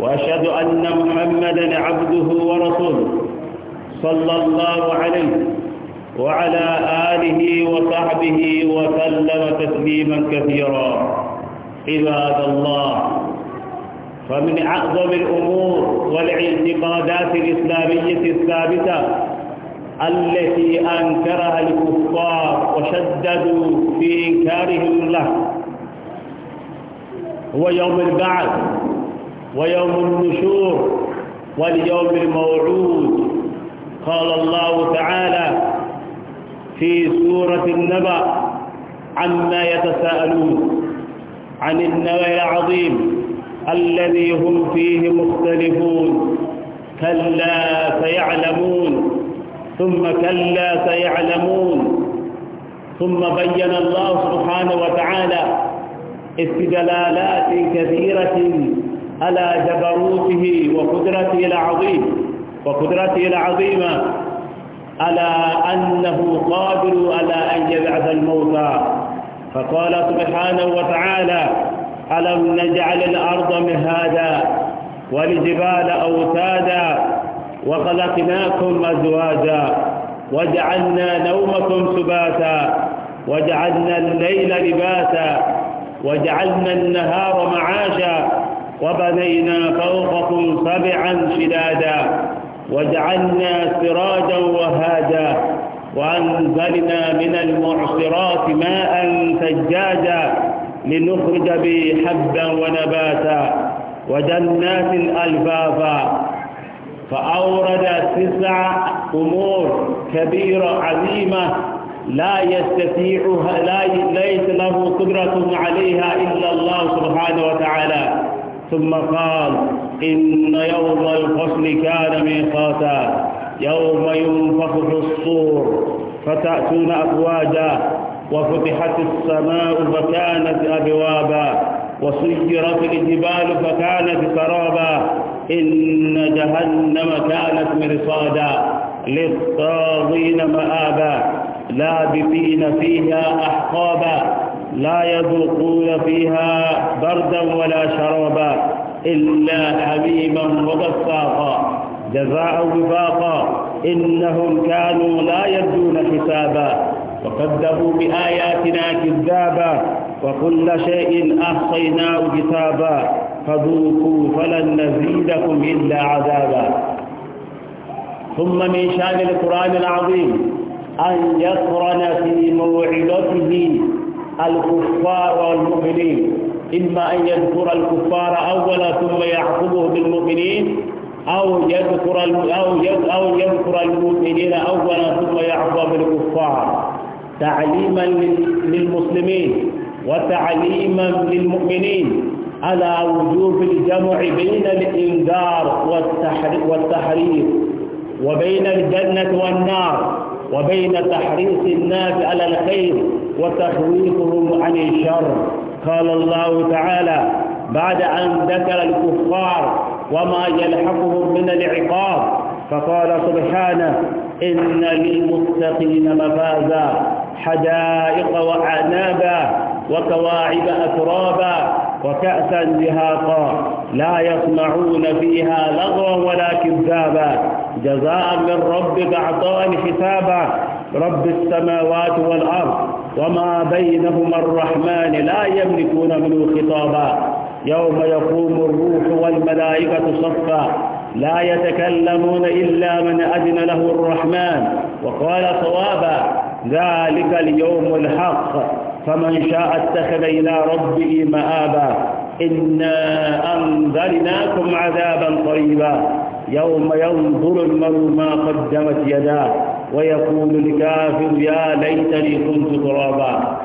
وأشهد أن محمدا عبده ورسوله صلى الله عليه وعلى آله وصحبه وسلم تسليما كثيرا عباد الله فمن أعظم الأمور والاعتقادات الإسلامية الثابتة التي أنكرها الكفار وشددوا في إنكارهم له هو يوم البعث ويوم النشور واليوم الموعود قال الله تعالى في سورة النبأ عما يتساءلون عن النوى العظيم الذي هم فيه مختلفون كلا سيعلمون ثم كلا سيعلمون ثم بين الله سبحانه وتعالى استدلالات كثيرة على جبروته وقدرته العظيم وقدرته العظيمة على أنه قادر على أن يبعث الموتى فقال سبحانه وتعالى ألم نجعل الأرض مهادا والجبال أوتادا وخلقناكم أزواجا وجعلنا نومكم سباتا وجعلنا الليل لباسا وجعلنا النهار معاشا وبنينا فوقكم سبعا شدادا وجعلنا سراجا وهاجا وأنزلنا من المعصرات ماء ثجاجا لنخرج به حبا ونباتا وجنات ألفافا فأورد تسع أمور كبيرة عظيمة لا يستطيعها لا ليس له قدرة عليها إلا الله سبحانه وتعالى ثم قال إن يوم الفصل كان ميقاتا يوم ينفخ في الصور فتأتون أفواجا وفتحت السماء فكانت أبوابا وسيرت الجبال فكانت سرابا إن جهنم كانت مرصادا للطاغين مآبا لابثين فيها أحقابا لا يذوقون فيها بردا ولا شرابا إلا حبيبا وبصاقا جزاء وفاقا إنهم كانوا لا يرجون حسابا وكذبوا بآياتنا كذابا وكل شيء أحصيناه كتابا فذوقوا فلن نزيدكم إلا عذابا ثم من شان القرآن العظيم أن يقرن في موعظته الكفار والمؤمنين إما أن يذكر الكفار أولا ثم يعقبه بالمؤمنين أو يذكر أو أو يذكر المؤمنين أولا ثم يعقب بالكفار تعليما للمسلمين وتعليما للمؤمنين على وجوب الجمع بين الإنذار والتحريف وبين الجنة والنار وبين تحريص الناس على الخير وتخويفهم عن الشر قال الله تعالى بعد أن ذكر الكفار وما يلحقهم من العقاب فقال سبحانه إن للمتقين مفازا حدائق وأعنابا وكواعب أترابا وكأسا جهاقا لا يسمعون فيها لغوا ولا كذابا جزاء من ربك عطاء حسابا رب السماوات والأرض وما بينهما الرحمن لا يملكون منه خطابا يوم يقوم الروح والملائكة صفا لا يتكلمون إلا من أذن له الرحمن وقال صوابا ذلك اليوم الحق فمن شاء اتخذ إلى ربه مآبا إنا أنذرناكم عذابا قريبا يوم ينظر المرء ما قدمت يداه ويقول الكافر يا ليتني كنت ترابا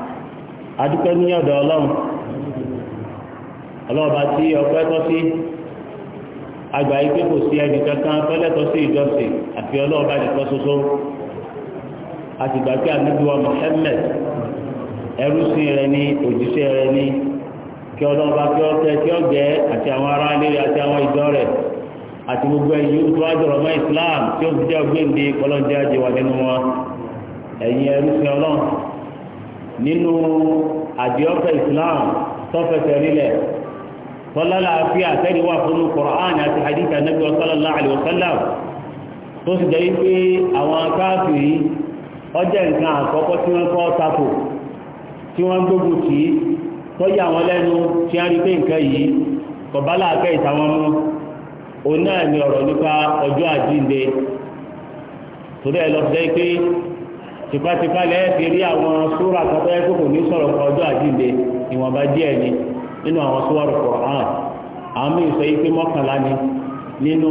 أدكني يا دولم الله باتي أوقاتي àgbà yìí pé kò sí ẹnì kankan tọ́lẹ́tọ́ sí ìjọsìn àfi ọlọ́ọ̀bá nìkan ṣoṣo àtìgbà pé ànábìwá Muhammad ẹrú sí rẹ ní òjíṣẹ́ rẹ ní kí ọlọ́ọ̀bá kí ọ tẹ kí ọ gẹ àti àwọn ará nílé àti àwọn ìjọ rẹ̀ àti gbogbo ẹ̀yin yóò tó àjọrọ̀ mọ́ Islam tí ó fi jẹ́ ògbéǹde kọlọ́jẹ́ ajé wa nínú wọn ẹ̀yin ẹrú sí ọlọ́run nínú àdìọ́fẹ́ Islam tọ́fẹsẹ̀ nílẹ̀ tọ́lálà fi àtẹ́rí wà fún Kùránì àti hadith Ànábì sallallahu alaihi wasallam tó sì jẹ́ wípé àwọn káàkiri ọjọ́ nǹkan àkọ́kọ́ tí wọ́n kọ́ tako tí wọ́n gbógun tì tọ́jú àwọn lẹ́nu tí wọ́n rí pé nǹkan yìí kọ̀bálà akẹ́ ìtàwọn mú òun náà ní ọ̀rọ̀ nípa ọjọ́ àjíǹde torí ẹ lọ fẹ́ pé tipátipá lẹ́yìn ti rí àwọn súra kọ́tọ́ ẹ kókò ní sọ̀rọ̀ ọjọ́ ìwọ̀nba díẹ̀ ni nínú àwọn súwárù Kùránì àwọn míì sọ yìí pé mọ́kànlá ni nínú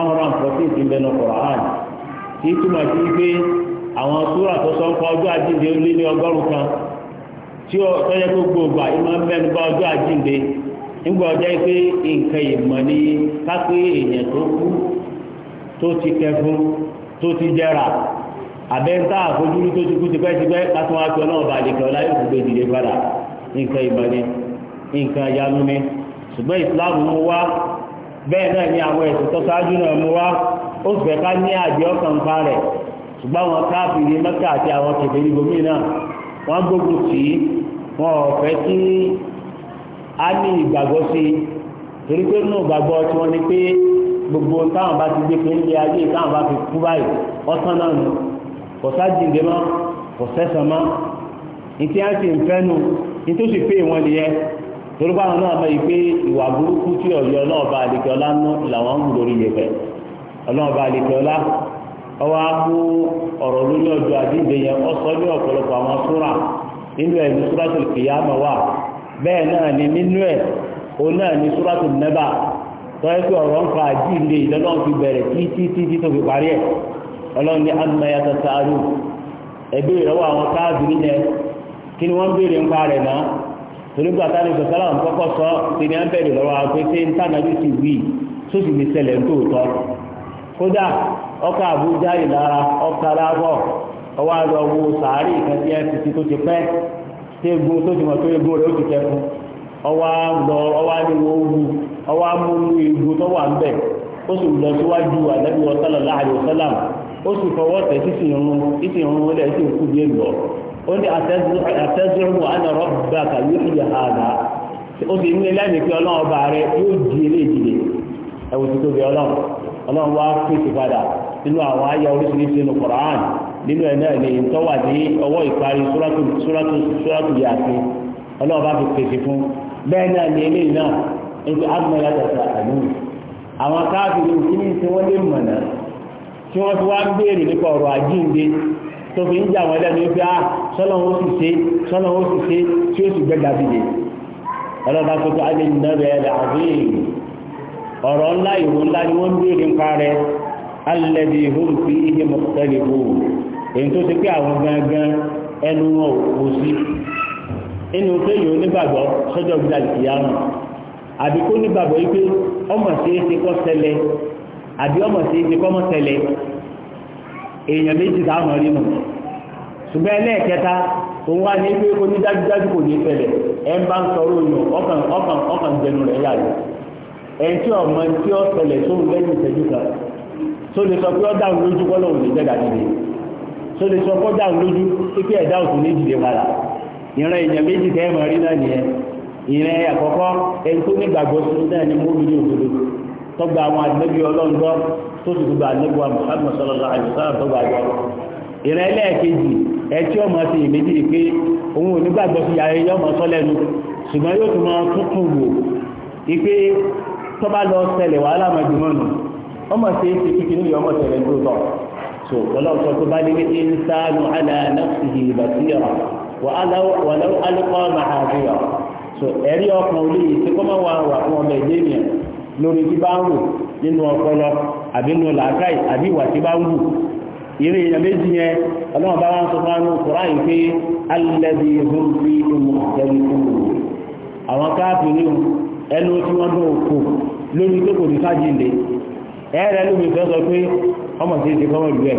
one hundred and fourteen ti bẹnu Kùránì tí túmọ̀ sí pé àwọn súra tó sọ nǹkan ọjọ́ ó lé ní ọgọ́rùn kan tí ó tọ́jú gbogbo ìgbà ìmọ̀ nígbà ọjọ́ yìí pé nǹkan ìmọ̀ ni kápé èèyàn tó kú tó ti kẹfún tó ti jẹrà àbẹ́ńtà àfojúrí tó ti kú tipẹ́tipẹ́ kátó wá pé ọlọ́run bàlẹ̀ kẹ́ ọlá yóò fún gbé dìde padà nǹkan ìmọ̀ ni nǹkan ìyanu ni ṣùgbọ́n ìsìláàmù mú wá bẹ́ẹ̀ náà ni àwọn ẹ̀sìn tó ṣáájú náà mú wá ó fẹ́ ká ní àjẹ́ ọkàn pa rẹ̀ ṣùgbọ́n àwọn káàfìrí mẹ́kà àti àwọn kèfèrí gómìnà wọ́n gbógun tì í wọn ò fẹ́ kí á ní ìgbàgbọ́ sí i torí pé nínú ìgbàgbọ́ tí wọ́n ní pé gbogbo táwọn bá ti gbé pé ń lé ayé táwọn bá fi kú báyìí ọ̀tán náà nù kò sájìǹde mọ́ kò sẹ́sàn mọ́ ìtí á sì ń fẹ́ nu nítòsí pé wọ́n nìyẹn torí báwọn náà mọ̀ yìí pé ìwà burúkú tí ọ̀yọ́ ọlọ́ọ̀bá àlekẹ́ọ́lá ń ná làwọn ń lórí yẹ̀fẹ̀ ọlọ́ọ̀bá àlekẹ́ọ́lá ọwọ́ akú ọ̀rọ̀ lórí ọjọ́ àdínde yẹn ní ọ̀pọ̀lọpọ̀ àwọn súra nínú ẹ̀ ní súratul Qiyamah wà bẹ́ẹ̀ náà ni nínú ẹ̀ o náà ni súrátù nẹ́bà tọ́yẹ́ pé ọ̀rọ̀ ń fa àjíǹde ìlọ́lọ́run fi bẹ̀rẹ̀ títí títí tó fi parí ẹ̀ ọlọ́run ní amúnáyà tàtàrù ẹ̀bí ìrọ̀wọ́ àwọn káàbì nílẹ̀ kí ni wọ́n béèrè ń pa rẹ̀ náà torí gbà tá ní sọ̀tàlà ń kọ́kọ́ sọ ti ní abẹ́rẹ́ lọ́wọ́ àgbẹ̀ tí ń tànàbí ti wí tó sì ní ṣẹlẹ̀ ń tòótọ́ kódà ọkọ̀ àbújá ìlara ọkọ̀ aláwọ̀ ọwọ́ àlọ́ sàárì ìkàntí ẹ̀ egun tó ti mọ̀ pé egun rẹ̀ ó ti kẹfún ọwá lọ ọwá ní owó ọwá múlú egun tó wà ń bẹ̀ ó sì lọ síwájú ànábì sallallahu alaihi wasallam ó sì fọwọ́ tẹ̀ sísì irun sísì irun ó lẹ̀ sí òkú díẹ̀ lọ ó ní àtẹ́sírùmù àná rọ́bà kàlí ìyá àdá ó sì ní ilé nìkan ọlọ́run ọba rẹ̀ yóò di eléjìlè ẹ̀wọ̀n tó tóbi ọlọ́run ọlọ́run wá fèsì padà nínú ẹ̀ náà ni tọ́wà ní ọwọ́ ìparí sóràtù yàtí ọlọ́ọ̀bá fi pèsè fún bẹ́ẹ̀ náà ni ilé náà nígbà agbára tẹ̀sà àdúgbò àwọn káàkiri ìdílé tí wọ́n lè mọ̀ náà tí wọ́n fi wá ń béèrè nípa ọ̀rọ̀ àjíǹde tó fi ń jà wọ́n lẹ́nu pé ah sọ́nà ó sì ṣe sọ́nà ó sì ṣe tí ó sì gbẹ́ dàbílẹ̀ ọlọ́ọ̀bá tó tó alẹ́ nínú rẹ̀ ọ̀rọ̀ ńlá èyí tó ti pé àwọn gangan ẹnu wọn kò sí inú pé yóò nígbàgbọ́ sọ́jọ́ gbígbà ìyáàmù àbí kó nígbàgbọ́ yìí pé ọmọ sí é ti kọ́ ṣẹlẹ̀ àbí ọmọ sí é ti kọ́ mọ́ ṣẹlẹ̀ èèyàn méjì táwọn rí nù ṣùgbọ́n ẹlẹ́ẹ̀kẹta òun wá ní pé kò ní dájúdájú kò ní ṣẹlẹ̀ ẹ ń bá ń sọ̀rọ̀ òyìn ọkàn ọkàn ọkàn jẹnu rẹ̀ yà tó lè sọ kọjá lójú pípẹ́ ẹ̀dá òtù ní ìdílé padà ìran èèyàn méjì tẹ́ ẹ̀ mọ̀ rí náà nìyẹn ìran àkọ́kọ́ ẹni tó nígbàgbọ́ sí náà ni mú mi ní òdodo tọgbà àwọn àdínẹ́bí ọlọ́run gbọ́ tó ti gbogbo àdínẹ́bí wa Muhammad sallallahu alaihi wasallam tọgbà àjọ ìran ẹlẹ́ẹ̀kejì ẹtí ọmọ ti ìmẹ́jì rí pé òun ò nígbàgbọ́ sí ayé yọmọ sọ́lẹ́nu ṣùgbọ́n yóò tún máa tuntun wò wípé tọ́ba lọ ṣẹlẹ̀ wàhálà màdùmọ́nù ọmọ ṣe é ṣe kíkiri ọmọ ṣẹlẹ̀ ń tó tọ̀ so ọlọ́run sọ pé bá ní ní aláàlọ́sì ìbàsíyà wàlọ́ alùpàá màhàbíyà so ẹ̀rí ọkàn olè yìí tí kò máa wà wà fún ọmọ ẹ̀dẹ́ ènìyàn lórí tí bá ń wù nínú ọpọlọ àbí nínú làákàì àbí ìwà tí bá ń wù ìrìn èèyàn méjì yẹn ọlọ́run bá wọn sọ fún anú kúrá yìí pé alẹ́bí ìhùn ẹnu tí wọ́n dún òkú lórí tó kò ní ọmọ tí ti kọ́mọ̀ lù ẹ̀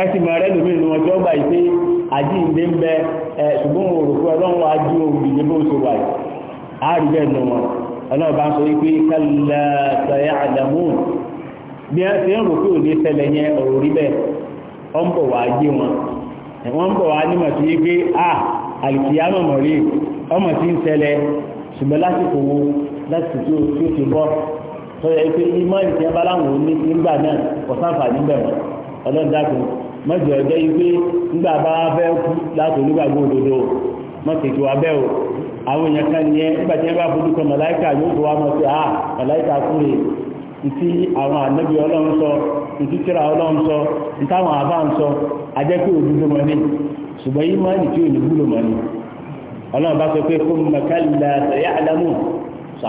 ẹ̀ sì máa rẹ́ lómi nínú ọjọ́ gbà yìí pé àjíǹde ń bẹ ẹ̀ ṣùgbọ́n òun rò pé ọlọ́run wá jí òun dìde bó ṣe wà yìí á rí bẹ́ẹ̀ nù wọn ọlọ́run bá ń sọ wípé kálá sọ̀yà àdàmúùn bí wọ́n ti ń rò pé òde ṣẹlẹ̀ yẹn ọ̀rọ̀ rí bẹ́ẹ̀ wọ́n ń bọ̀ wá jí wọn wọ́n a àlìkìyàmọ̀ mọ̀rí ọmọ tí ń ṣẹlẹ̀ ṣùgbọ́n lásìkò wo lásìkò tí ó ti bọ́ sọ̀rọ̀ ike ịma ìmọ̀lì tí wọ́n bá láwọn òní nígbà náà kò sáǹfààní bẹ̀rẹ̀ ọlọ́dàkù mọ̀jọ̀ ẹ̀jẹ̀ yìí nígbà bá fẹ́ kú láti onígbàgbọ́ òdodo o àwọn èèyàn kan ní ẹ nígbà tí wọ́n bá fojú kan màláìkà yóò tó wá mọ̀ sí ah, àwọn ọlọ́run sọ ọlọ́run sọ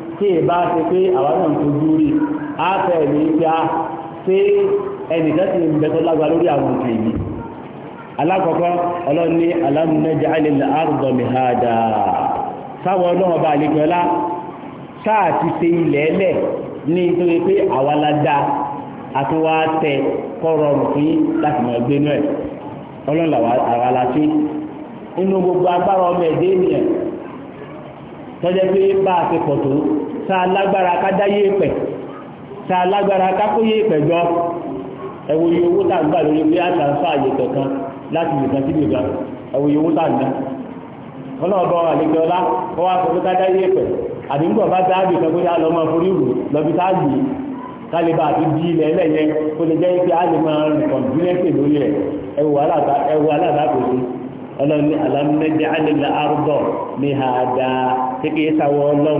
tí è bá ṣe pé àwọn náà tó dúrí á tẹ̀lé pé a ṣe ẹnìkan ti ń bẹ̀tọ́ lágbà lórí àwọn nǹkan yìí alákọ̀ọ́kọ́ ọlọ́run ní alam naj'alil arda mihada sáwọn ọlọ́run ọba la dá àtúwá tẹ kọ́rọ̀ fún láti mọ̀ ẹgbẹ́ náà inú gbogbo agbára ọmọ ẹ̀dẹ́ ènìyàn tọ́jẹ́ pé bá a ti pọ̀ tó sa alágbára ká dáyé ìpẹ̀ sa alágbára ká kóyé ìpẹ̀ jọ ẹwọ owó lórí àyè kankan láti lè kan síbi ìgbà ẹwọ owó tá à ń ná wá fún ká dáyé àdínkù ọba dáàbì kan lọ a àti ilẹ̀ ẹlẹ́yẹ kó lè jẹ́ a lè máa rìn lórí ẹ̀ ọlọ́ni alámẹ́jẹ́ ní àdá kékeré sáwọ́ ọlọ́run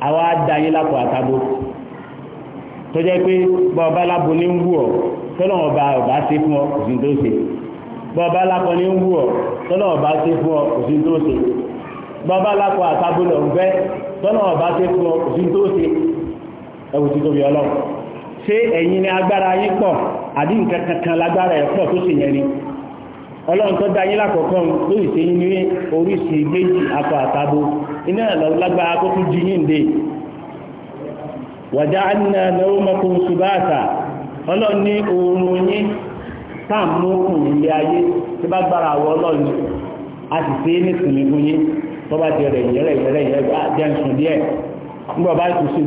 àwa dáyé lápò àtàbò tó jẹ́ pé bọ́ọ̀bá lábo ní ń wù ọ́ tọ́lọ̀ ọba ọba ṣe fún ọ òsìn tó ṣe bọ́ọ̀bá lápò ní ń wù ọ́ tọ́lọ̀ ọba ṣe fún ọ òsìn tó ṣe bọ́ọ̀bá lápò àtàbò lọ ń fẹ́ tọ́lọ̀ ọba ṣe fún ọ òsìn tó ṣe ẹwù tí tóbi ọlọ́run ṣé ẹ̀yin tó sì yẹn iná ẹ̀lọ́ lágbára kó tún jí yín dé wàjá ànínà nawmakum subata ọlọ́run ní oorun yín táàmù kùn ilé ayé tí bá gbára àwọ ọlọ́run a sì ṣe é ní ìsinmi fún yín tó bá di ọ̀rẹ̀ ìyẹ́rẹ̀ ìyẹ́rẹ̀ ìyẹ́rẹ̀ jẹ́ ń sùn díẹ̀ nígbà bá tún sùn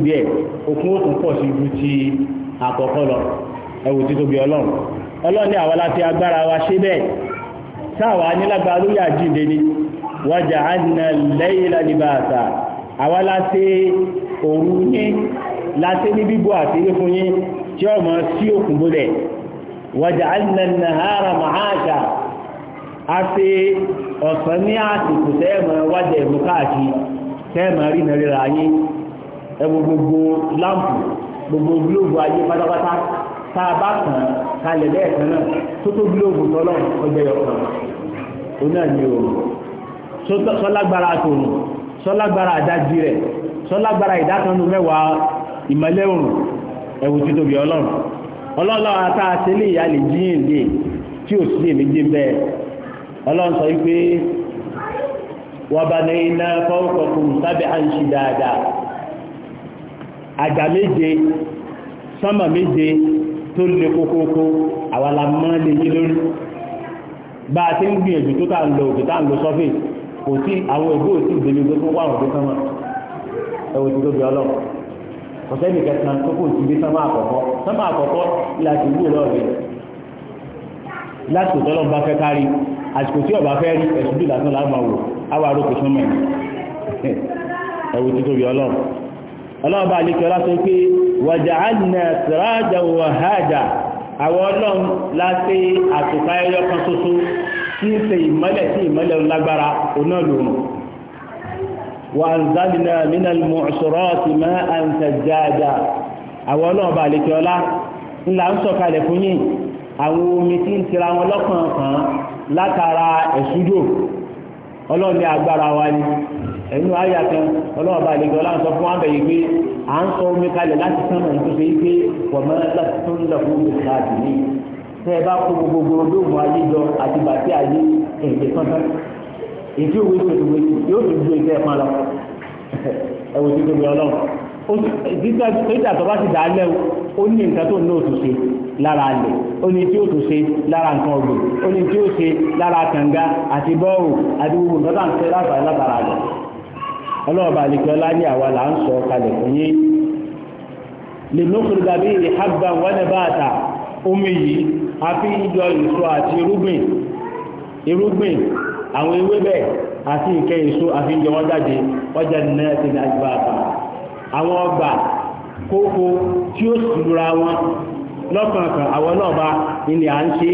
díẹ̀ wájà ánà lẹ́yìn lálibàtà àwa láti òru yín láti ní bíbò àtìrí fún yín tí ó mọ̀ sí òkun bólẹ̀ wájà ánà nàhárà màáṣà a ṣe ọ̀sán ní àsìkò tẹ́ẹ̀mọ̀ wájà ẹ̀mú káàkiri tẹ́ẹ̀mọ̀ rí nàríra yín ẹwọ gbogbo lámpù gbogbo gílóòbù ayé pátápátá tá a kalẹ̀ lẹ́ẹ̀kan náà tó tó gílóòbù tọ́lọ́ ọjọ́ yọkan òun náà ni òòrùn sọ́lágbára àtòrùn sọ́lágbára àdájí rẹ̀ sọ́lágbára ìdákanu mẹ́wàá ìmọ̀lẹ́ òrùn ẹ̀wù títóbi ọlọ́run ọlọ́run ata àtẹlẹ́ ìyá lè jíyìn lè tí ò sí èméjì bẹ́ẹ̀ ọlọ́run sọ wípé wọ́n bá ní iná fọ́nkọ̀kùn sábẹ́ à ń ṣe dáadáa àjà méje sánmà méje tó a ti ń gbìyànjú tó tà ń lo òkè tá ń lo sọ́fíìsì kò sí àwọn ìbò òsì ìdèlè tó tún wà òde sánmà ẹwọ ti tóbi ọlọ kò sẹ́ni kẹsàn-án tó kò sí bí sánmà àkọ́kọ́ sánmà àkọ́kọ́ láti wú lọ́ọ̀rẹ́ láti òtọ́lọ́ bá fẹ́ kárí àsìkò tí ọba fẹ́ rí ẹ̀sùn bí lásán láàmà wò áwà àrókò sánmà ẹwọ ti tóbi ọlọ ọlọ́ọ̀bá àlekẹ́ ọlá sọ pé wàjà á nà sàrájà wàhájà àwọn ọlọ́run la ṣe àtùpá ẹyọ kan ṣoṣo tí ń ṣe ìmọ́lẹ̀ sí ìmọ́lẹ̀ lágbára oná lòrùn wà ń zálìnà nínà mọ̀ṣọ̀rọ̀ ti máa ń tẹ̀jáàjà àwọn ọlọ́run bá lè kí ńlá ń sọ̀kalẹ̀ fún yín àwọn omi tí ń tira wọn lọ́kàn kan látara ẹ̀ṣújò ọlọ́run ní agbára wa ni ẹnu àyà kan ọlọ́wọ́ bá àlejò ọlá ń sọ fún wa bẹ̀yẹ̀ pé à ń sọ omi kalẹ̀ láti sánà nípa ṣe pé wọ̀mọ́ láti tó ń lọ fún ìgbà àdìní tẹ́ ẹ bá kó gbogbo olóògùn ayé jọ àti bàtí ayé èdè kankan èdè òwe tòwé yóò tún ju ìfẹ́ ẹ̀pọn lọ ẹ̀wò tó tóbi ọlọ́run títà tó bá ti dà á lẹ́wọ̀ ó ní nǹkan tó ní òtún ṣe lára alẹ̀ ó ní tí ó tún ṣe lára nǹkan ọ̀gbìn ó ní tí ó ṣe lára kànga àti bọ́ọ̀rù àti gbogbo nǹkan tó ń ṣe látara látara alẹ̀ ọlọ́ọ̀bà àlejò ọlá ní àwa là ń sọ kalẹ̀ fún yín lè lókùnrin dàbí ìhábà wọlé báàtà omi yìí a fi ìjọ èso àti irúgbìn irúgbìn àwọn ewébẹ̀ àti ìkẹ́ èso àfi ìjọ wọn jáde ọjà nìyẹn ti ní àjùbàbà àwọn ọgbà kókó tí ó sì lura wọn lọ́kànkàn àwọn náà bá à ń ṣe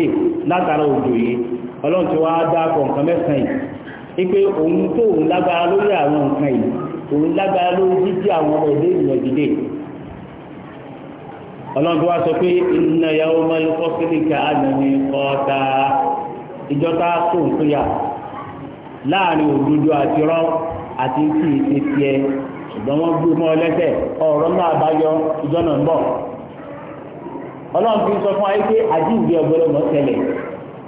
látara òjò yìí ọlọ́run ti wá dá kọ̀ọ̀kan mẹ́sàn-án ipe òun tó òun lágbára lórí àwọn nǹkan yìí òun lágbára lórí jíjí àwọn ọmọ ìlú ìwọ̀n dìde ọlọ́run tó wá sọ pé inna yawmal fasli kana miqata ìjọta tó ń péyà láàrin òdodo àti rọ àti tí ìṣe tiẹ̀ ṣùgbọ́n wọ́n gbé mọ́ lẹ́sẹ̀ ọ̀rọ̀ náà báyọ ìjọ náà ń bọ̀ ọlọ́run fi sọ fún ayé pé àjíǹde ọ̀gbọ́dọ̀ tẹ̀lẹ̀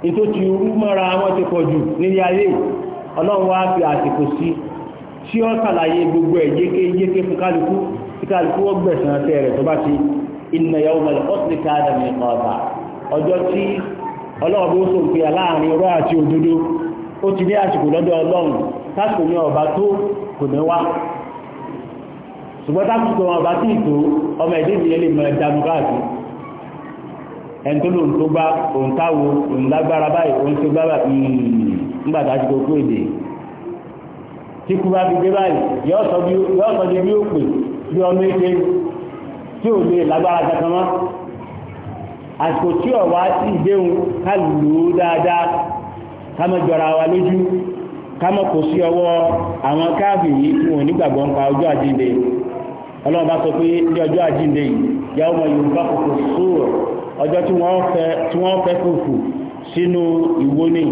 ètò rú mọ́ra wọn ti pọ̀ jù nílé ayé ọlọ́run wá fi àsìkò sí tí ó sàlàyé gbogbo ẹ̀ yéké yéké fún kálukú tí kálukú wọ́n gbẹ̀sán tẹ́ rẹ̀ tó bá ti inna yawmal husni kana miqata ọjọ́ tí ọlọ́run bó so pé láàrin irọ́ àti òdodo ó ti ní àsìkò lọ́dọ̀ ọlọ́run tásìkò ní ọba tó kò ní wá ṣùgbọ́n tásìkò ọba tí ìtò ọmọ ẹ̀dẹ́ ìdílé lè mọ ẹja mú káàkiri ẹni tó lòun tó bá òun táwo òun lágbára báyìí òun tó nígbà tá a ti kókó èdè tí kú bá fi dé báyìí yóò sọ bí ó pè bí ọmọ ike tí ò lè lágbára kankan mọ́ àsìkò tí ọ̀wá sí ìdéhùn ká lù ú dáadáa ká mọ́ jọra wa lójú ká mọ́ kò sí ọwọ́ àwọn káàfì yìí tí wọ́n nígbàgbọ́ ń pa ọjọ́ àjíǹde ọlọ́run bá sọ pé ní ọjọ́ àjíǹde yìí yàwó ọmọ yorùbá kòkò sóòrò ọjọ́ tí wọ́n fẹ́ fòfò sínú ìwónìí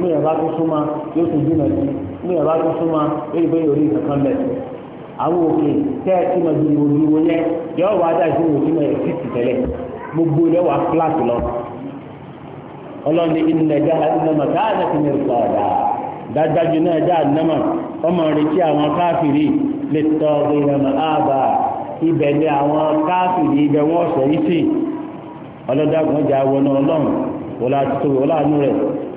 ní ẹ̀bá tó súnmọ́ yóò tún jìnà sí ní ẹ̀bá tó súnmọ́ yóò gbé orí kankan lẹ̀ àwọn òkè tẹ́ ẹ ti mọ ju ìwòjú wo yẹ yọ wá dá sí ìwòjú mọ ẹ̀ sí tẹ̀lẹ̀ gbogbo ilẹ̀ wà fúláàtì lọ ọlọ́ni ilẹ̀ jáde nàmà káàdà ti mẹ́rin sọ ọ̀dà dájájú náà jáde nàmà ọmọ rẹ̀ àwọn káfìrí lè tọ́ ìrànà ààbà ibẹ̀ ni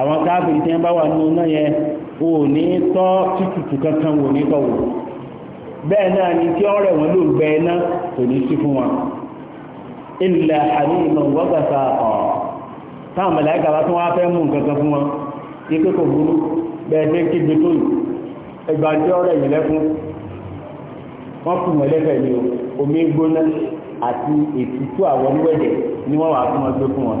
àwọn káàkiri tí wọ́n bá wà nínú náà yẹn o ní tọ́ títùtù kankan wò ní tọ́wò bẹ́ẹ̀ náà ni tí ọ̀rẹ́ wọn ló gbẹ náà kò ní sí fún wọn ilẹ̀ àríyìnmọ̀ wọ́gbàsá ọ̀ táwọn mẹ̀láìkà bá tún wá fẹ́ mú nǹkan kan fún wọn ipé kò burú bẹ́ẹ̀ fẹ́ kígbe tó yìí ẹgbà tí ọ̀rẹ́ yìí lẹ́kún wọ́n kù mọ́ lẹ́fẹ̀ẹ́ ni omi gbóná àti ètùtù àwọn oníwẹ̀dẹ̀ ni wọ́n wà fún wọn gbé fún wọn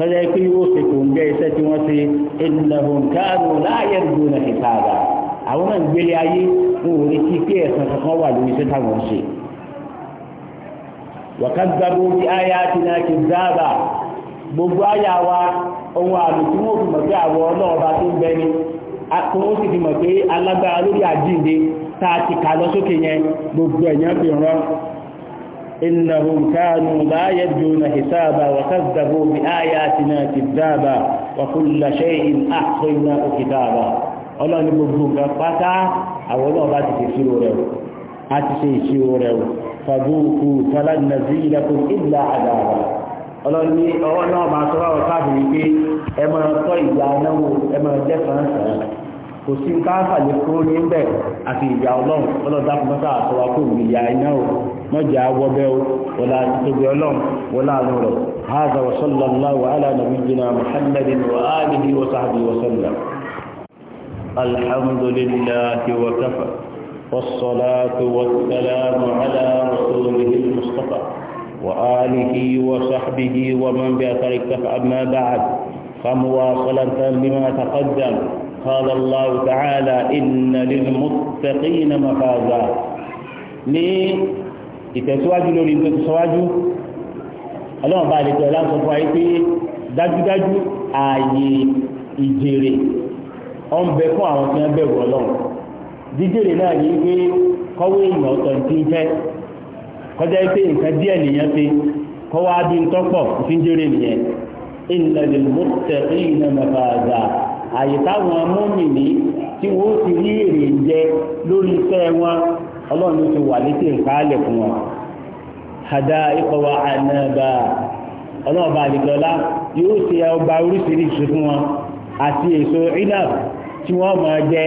tọ́jà pé yóò ṣe kò ń gẹ́ iṣẹ́ tí wọ́n ṣe innahum kanu la yarjuna hisaba àwọn náà ń gbélé ayé wọn ò retí pé ẹ̀sán kankan wà lórí iṣẹ́ táwọn ń ṣe. wa kazzabu bi ayatina kizzaba gbogbo àyà wa ohun àmì tí wọ́n fi mọ̀ pé àwọ̀ ọlọ́ọ̀ba tó ń bẹni kó wọ́n sì fi mọ̀ pé alágbára lórí àjíǹde tá a ti kà lọ sókè yẹn gbogbo ẹ̀yàn fi rán إنهم كانوا لا يرجون حسابا وكذبوا بآياتنا كذابا وكل شيء أحصيناه كتابا ọlọ́run ní gbogbo nǹkan pátá àwọn ọlọ́run bá ti ṣe ìṣirò rẹ̀ o a ti ṣe ìṣirò rẹ̀ o fàbúkú fàlànàzí ilẹ̀kùn ìlà àdàrà ọlọ́run ní ọwọ́ náà máa sọ́wọ́ káàkiri pé ẹ tọ́ ìgbà náà ẹ jẹ́ sàn-án kò sí káàkà lè kúrò ní ẹgbẹ́ àti ìyà ọlọ́run ọlọ́dá fún mọ́ta àtọwà kó ìyà iná o mọ́jà wọ́bẹ́ o wọlá tóbi ọlọ́run wọlá àánú rẹ̀ hádà wasallallahu ala nabiyyina muhammadin wa alihi wa sahbihi wa sallam alhamdulillahi wa kafa wassalatu wassalamu ala rasulihi mustafa wa alihi wa sahbihi wa man bi athari kafa amma ba'd فمواصلة لما تقدم قال الله تعالى إن للمتقين مفازا ní ìtẹ̀síwájú lórí tó ti sọ́wájú ọlọ́run bá lè tẹ̀lá sọ fún ayé pé dájúdájú ààyè ìjèrè ọ̀n bẹ fún àwọn tí wọ́n bẹ̀rù ọlọ́run jíjèrè náà ní pé kọ́wé èèyàn ọ̀tọ̀ tí ń fẹ́ kọjá pé nǹkan díẹ̀ nìyẹn ṣe kọ́wá bí ń tọ́pọ̀ fi ń jèrè nìyẹn innal muttaqina mafaza àyè táwọn mọ́mìnì tí wọ́n ti rí èrè jẹ lórí iṣẹ́ wọn ọlọ́run ti wà létí ìkálẹ̀ fún wọn àdá ìkọwà ànáàbà ọlọ́ọ̀bà àdìgbọ́lá yóò ṣe ọgbà oríṣiríṣi fún wọn àti èso inab tí wọ́n máa jẹ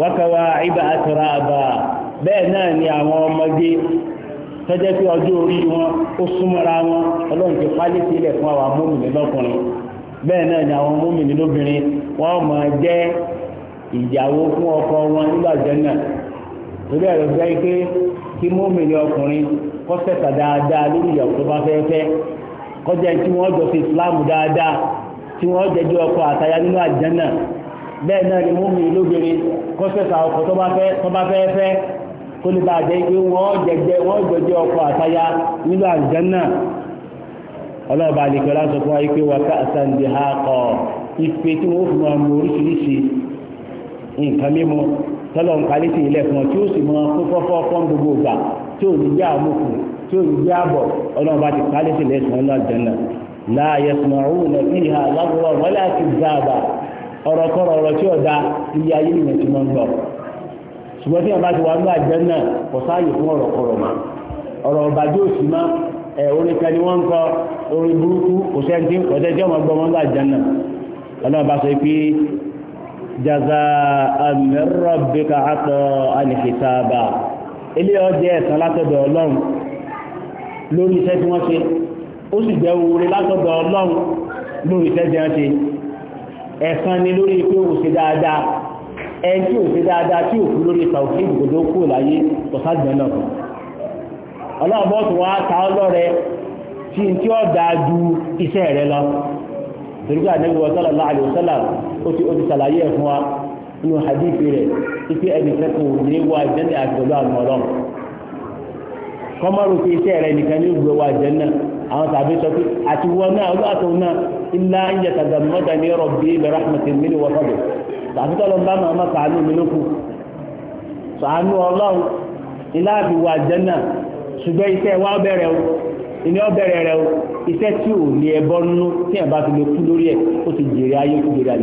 wákàwá ibà àtọ̀rà àbà bẹ́ẹ̀ náà ni àwọn ọmọdé tọ́jẹ́ pé ọjọ́ orí wọn ó súnmọ́ra wọn ọlọ́run ti sílẹ̀ fún àwọn lọ́kùnrin bẹ́ẹ̀ náà ni àwọn múmìnì lóbìnrin wọ́n jẹ́ ìyàwó ọkọ wọn nígbà jẹ́nà torí ẹ̀rọ fẹ́ pé kí múmìnì ọkùnrin kọ́ sẹ̀sà dáadáa lórí ìyàwó tó bá kọjá tí wọ́n jọ Islam dáadáa tí wọ́n ọkọ àtayá nínú àjẹ́nà bẹ́ẹ̀ náà ni múmìnì lóbìnrin kọ́ ọkọ tó bá fẹ́ lè bàjẹ́ pé wọ́n àtayá nínú ọlọ́ọ̀bá àlekọ́lá sọ fún wa yìí pé wà ká àsàǹdì ha kọ̀ ìpè tí wọ́n fi máa mú oríṣiríṣi nǹkan mímu tọ́lọ̀ ń kalẹ́ sí ilẹ̀ fún ọ tí ó sì mọ fọ́fọ́ fọ́n gbogbo ìgbà tí ò ní jẹ́ àmúkù tí ò ní jẹ́ àbọ̀ ọlọ́ọ̀bá ti kalẹ́ sí ilẹ̀ fún ọlọ́ọ̀ jẹ́nà láàyè sùnmọ̀rún nà sí ìhà lágbọ́rọ̀ ọ̀rọ̀ ọba ti ẹ̀ orin kan ni wọ́n ń kọ́ orí burúkú òṣèǹtì ọ̀tẹ́jọ́ ọmọ gbọmọ ńlá jẹ́nà ọlọ́run bá sọ pé jaza amẹ́rọ̀bíkà àtọ̀ alìkìtàbà ilé ọjẹ́ ẹ̀sán látọ̀dọ̀ ọlọ́run lórí iṣẹ́ tí wọ́n ṣe ó sì jẹ́ oore látọ̀dọ̀ ọlọ́run lórí iṣẹ́ tí wọ́n ṣe ẹ̀sán ni lórí pé ó ṣe dáadáa ẹni tí ò ṣe dáadáa tí ò kú lórí ìtàwọ̀sí jẹ́ náà sí tí ó dáa ju iṣẹ́ rẹ lọ torípé ànábì wa sallallahu alaihi wasallam ó ti ó ti ṣàlàyé ẹ̀ fún wa nínú hadithi rẹ̀ ipe ẹnìkan kò ní wọ àjẹ́nà àti pẹ̀lú àwọn ọlọ́run kọ́mọ́rù pé iṣẹ́ rẹ̀ nìkan ní ìgbé wọ àjẹ́nà àwọn tàbí sọ pé àti wọn náà olóòtú náà ilá ń yẹ tàbí mọ́ta ní rọ̀bì bẹ̀rẹ̀ àmọ̀tì mílí wọ́n fọ́dọ̀ tàbí tọ́lọ́ bá máa má sàánú mi lókù sàánú ọlọ́run ilá àbí wọ àjẹ́nà ṣùgbọ́n iṣẹ́ wa bẹ̀rẹ̀ o èmi ọbẹ̀rẹ̀ rẹ o iṣẹ́ tí ò ní ẹbọ nínú tí ẹ̀ bá ti lè kú lórí ẹ̀ ó ti jèrè ayé ó jèrè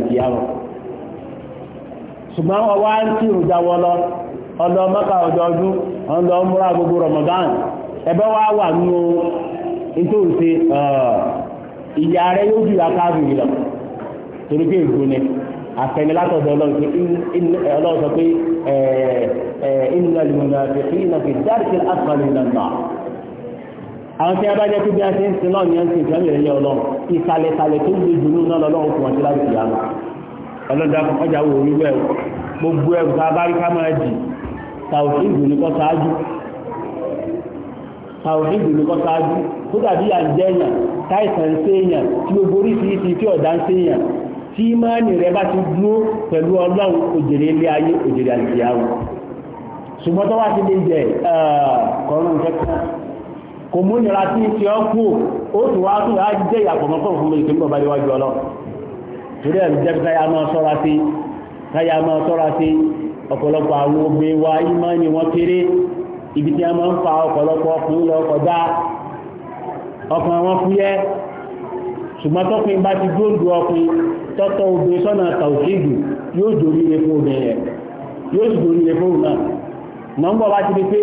ṣùgbọ́n ọwọ́ ń tí ìrùn jáwọ́ lọ ọdọ mọ́ta ọdọọdún ọdọ gbogbo Ramadan ẹbẹ́ wá wà nínú ìyá rẹ yóò jù lákàbì lọ torí pé ègbò ni àfẹni látọ̀dọ̀ ọlọ́run sọ pé àwọn tí a bá jẹ́ pé bí a ṣe ń sin náà ní ẹ̀sìn ìjọba ìrẹ́lẹ̀ ọlọ́run ìsàlẹ̀sàlẹ̀ tó gbé jù náà lọ́lọ́run fún ọtí láti ìyá lọ ọlọ́dà ọjà wò orí bẹ́ẹ̀ gbogbo ẹ̀rù tá a bá rí ká máa jì tàwùsí ìlú ní kọ́ ṣáájú tàwùsí ìlú ní kọ́ ṣáájú tó dàbí à ń jẹ́ èèyàn táìsàn ń ṣe èèyàn tí gbogbo oríṣiríṣi tí ọ̀dà ń ṣe èèyàn tí ìmọ̀ọ́nì rẹ bá ti dúró pẹ̀lú ọlọ́run òjèrè ilé ayé òjèrè àlùfíà wọn ṣùgbọ́n tó wá ti lè jẹ kọ́rùn-ún kẹ́kọ̀ọ́ kò mú nira tí ti ọ́ kú ó tù wá tù á jẹ́ ìyàpọ̀mọ́ fún òfin méjì nígbà báyìí wájú ọlọ́ torí ẹ̀rù jẹ́ káyà máa sọ́ra sí káyà máa sọ́ra sí ọ̀pọ̀lọpọ̀ àwọn ogbe wa ìmọ̀ ni wọ́n kéré ibi tí a máa ń fa ọ̀pọ̀lọpọ̀ ọkùnrin lọ kọjá ọkàn wọn fúyẹ́ ṣùgbọ́n tọ́kùnrin bá ti gbóòdù ọkùnrin tọ́tọ́ obìnrin sọ́nà tàùsíìdù yóò dòrí ilé fún obìnrin yóò sì dòrí fún òun náà mọ̀ bá ti di pé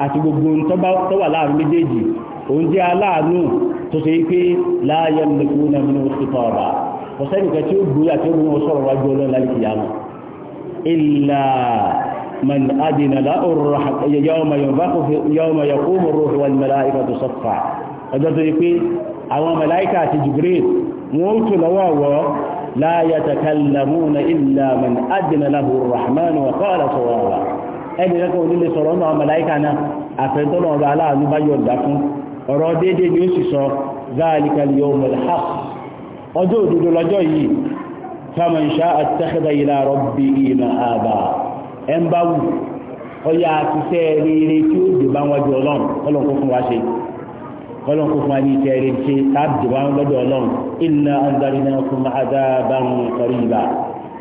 àti gbogbo tó wà láàrin méjèèjì òun jẹ́ aláàánú tó ṣe pé láàyè mẹ́kú náà nínú ìtọ́ ọ̀rọ̀ ọ̀sẹ́nìkan tí ó gbóyà tí ó gbóyà wọn sọ̀rọ̀ wájú ọlọ́run láti kìyà man adìnà láòrò yàwó rahman wa qala sawawa ẹni rẹ́kọ̀ onílé sọ̀rọ̀ náà màláíkà náà àfẹ́tọ́nà ọba aláàánú bá yọ̀ǹda fún ọ̀rọ̀ déédéé ni ó sì sọ zalika al-yawmul haqq ọjọ́ òdodo lọ́jọ́ yìí faman sha'a ittakhadha ila rabbihi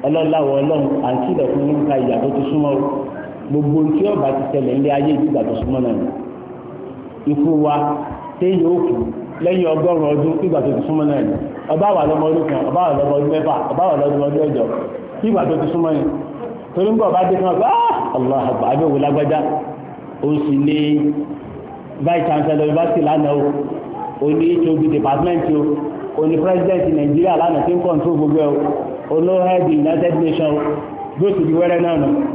ọlọ́láwọ̀ ọlọ́run àǹtílẹ̀ fún yín ká ìyà tó súnmọ́ gbogbo tí ọba ti tẹ̀lẹ̀ nle ayé ìgbà tó súnmọ́ náà ni ikú wa téèyàn ó kú lẹ́yìn ọgọ́rùn-ún ọdún ọba wà lọ́mọ ọdún kan ọba wà lọ́mọ ọdún mẹ́fà ọba wà lọ́mọ ọdún ìgbà tó ti kan ah, lágbájá ó sì ní vice chancellor university lánàá o ó ní department o ó ní president lánàá tí ń control gbogbo ẹ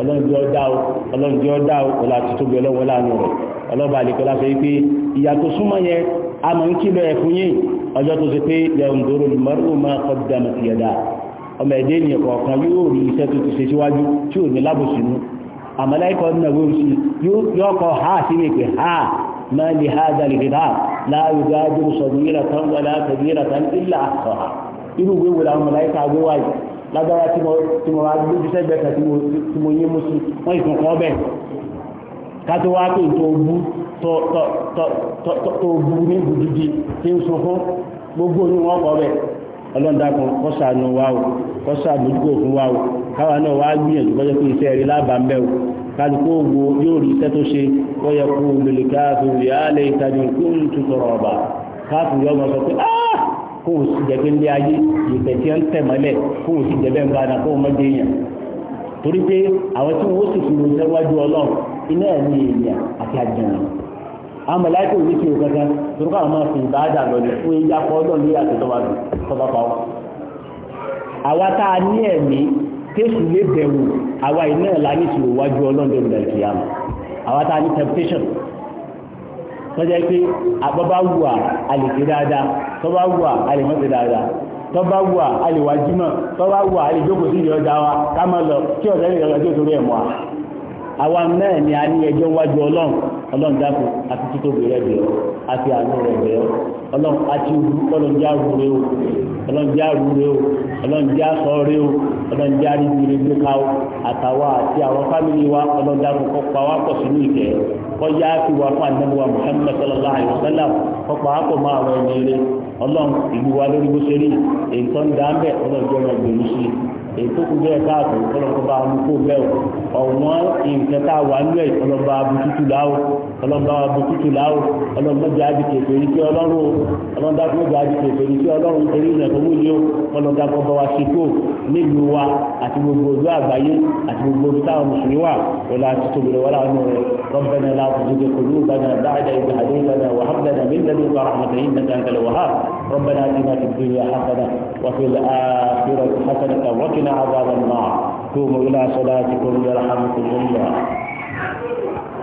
ọlọ́njẹ́ ọ̀dá o ọlọ́njẹ́ ọ̀dá o ọ̀là àtútóbi ọlọ́wọ́ lánàá rẹ̀ ọlọ́ba àlekọ́ láfẹ́ yí pé ìyà tó súnmọ́ yẹn a mọ̀ ń kílọ̀ ẹ̀ fún yín ọjọ́ tó ṣe pé yẹ̀ǹdóró lùmọ́rù máa kọ́ dànù sí ẹ̀dá ọmọ ẹ̀dẹ́ ènìyàn kọ̀ọ̀kan yóò rí iṣẹ́ tó ti ṣe síwájú tí ò ní lábòsínú àmàláìkọ̀ nínú ẹ̀wọ́ sí yóò kọ́ ha sí ní pé ha máa lè ha dàlè kìtà láàrú gbájú sọ̀dún yíra tán wọlé àtẹ̀yẹ́ra tán ilà àkọ́ha irú ìwé wo lágbára tí mo wá lójú sẹ́gbẹ̀ẹ́ kan tí mo yé musu wọ́n ìsìn kan bẹ̀ kátó wá pé tó bú tó bú ní bùdídì tí ń sọ fún gbogbo ní wọ́n kọ́ bẹ̀ ọlọ́ndàkùn kọ́sàánú wa o kọ́sàmójúkò fún wa o káwa náà wá gbìyànjú kọjá pé iṣẹ́ o kálukú wo yóò rí iṣẹ́ tó ṣe wọ́n yẹ kó lòlì káàfin rí àlẹ́ ìtajà òkú ń tutọ̀rọ̀ ọ̀bà káàfin yọ ọmọ sọ pé áà kó o sì jẹ̀bi ńlẹ̀ ayé ìfẹ́ tí ó ń tẹ̀ mọ́lẹ̀ kó o sì jẹ̀bi ńgbà náà kó o mọ́dé yàn torí pé àwọn tí wọ́n sì fi lò sẹ́wájú ọlọ́run iná ẹ̀ ní èèyàn àti àjẹmọ́ àwọn mọ̀láìkì òní ti rò kankan torí káwọn máa fi ìbá dà lọ ní fún ẹ̀yà kọ́ ọlọ́run lórí àti tọ́ba dùn pa ọ́ àwa tá a ní ẹ̀mí tẹ́sù lè bẹ̀rù àwa iná ẹ̀ la ní ìṣòro wájú tọ́jà pé àbábá wùwà a lè ṣe dáadáa tọ́bá wùwà a lè má ṣe dáadáa tọ́bá wùwà a tọ́bá wùwà a sí ìyọ̀ wa ká máa lọ kí ọ̀sẹ̀ ní torí ẹ̀ ni a ní ẹjọ́ ọlọ́run dákun àti títóbi rẹ bẹ̀rọ àti àánú rẹ bẹ̀rọ ọlọ́run àti ọlọ́run já ru rẹ o ọlọ́run já ru rẹ já sọ rẹ o ọlọ́run já rí ibi rẹ gbé ká o àtàwa àti àwọn fámìlì wa ọlọ́run dákun kó pa wá pọ̀ sínú ìkẹ́ kọjá fi wá fún àdánù wa Muhammad sallallahu alayhi wa sallam kó pa wá pọ̀ mọ́ àwọn ẹni rẹ ọlọ́run ìlú wa lórí bó ṣe rí èyí tó ń dá ń bẹ̀ ọlọ́run jẹ́ ọmọ ìgbèrú sí i ètò kù bẹ́ẹ̀ káàtó ọlọ́kọ̀ọ́ba amúkó bẹ́ẹ̀ ọ̀wọ́n nǹkan tá a wà ń lẹ̀ ọlọ́ba abutútù láwò ọlọ́ba abutútù láwò ọlọ́mọdé adìkè pèrí kí ọlọ́run ọlọ́dàkọ́mọdé adìkè pèrí kí ọlọ́run torí ìrìn àtọ́wò yìí ó ọlọ́dàkọ́mọba wa ṣètò nílùú wa وقنا عذاب النار قوموا إلى صلاتكم يرحمكم الله